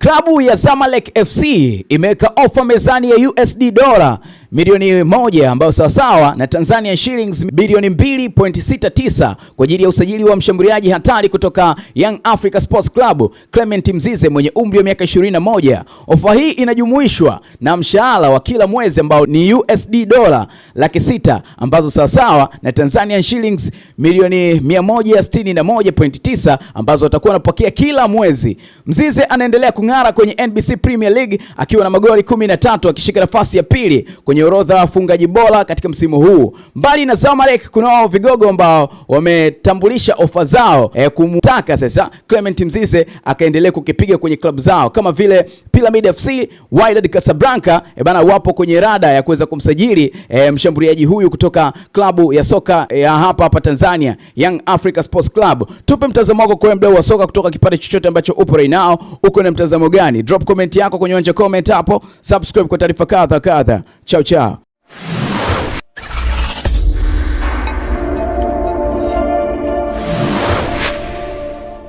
Klabu ya Zamalek FC imeweka ofa mezani ya USD dola milioni moja ambayo sawasawa na Tanzania shillings bilioni 2.69 kwa ajili ya usajili wa mshambuliaji hatari kutoka Young Africa Sports Club Clement Mzize mwenye umri wa miaka 21. Ofa hii inajumuishwa na mshahara wa kila mwezi ambao ni USD dola laki sita ambazo sawasawa na Tanzania shillings milioni 161.9 ambazo watakuwa wanapokea kila mwezi. Mzize anaendelea kung'ara kwenye NBC Premier League akiwa na magoli 13 akishika nafasi ya pili kwenye kwenye orodha ya wafungaji bora katika msimu huu. Mbali na Zamalek, kunao vigogo ambao wametambulisha ofa zao e, kumtaka sasa Clement Mzize akaendelee kukipiga kwenye klabu zao kama vile Pyramid FC, Wydad Casablanca e, bana wapo kwenye rada ya kuweza kumsajili e, mshambuliaji huyu kutoka klabu ya soka ya hapa hapa Tanzania Young Africa Sports Club. Tupe mtazamo wako kwa mdau wa soka kutoka kipande chochote ambacho upo right now, uko na mtazamo gani? Drop comment yako kwenye uwanja comment hapo, subscribe kwa taarifa kadha kadha. Chao. tchau.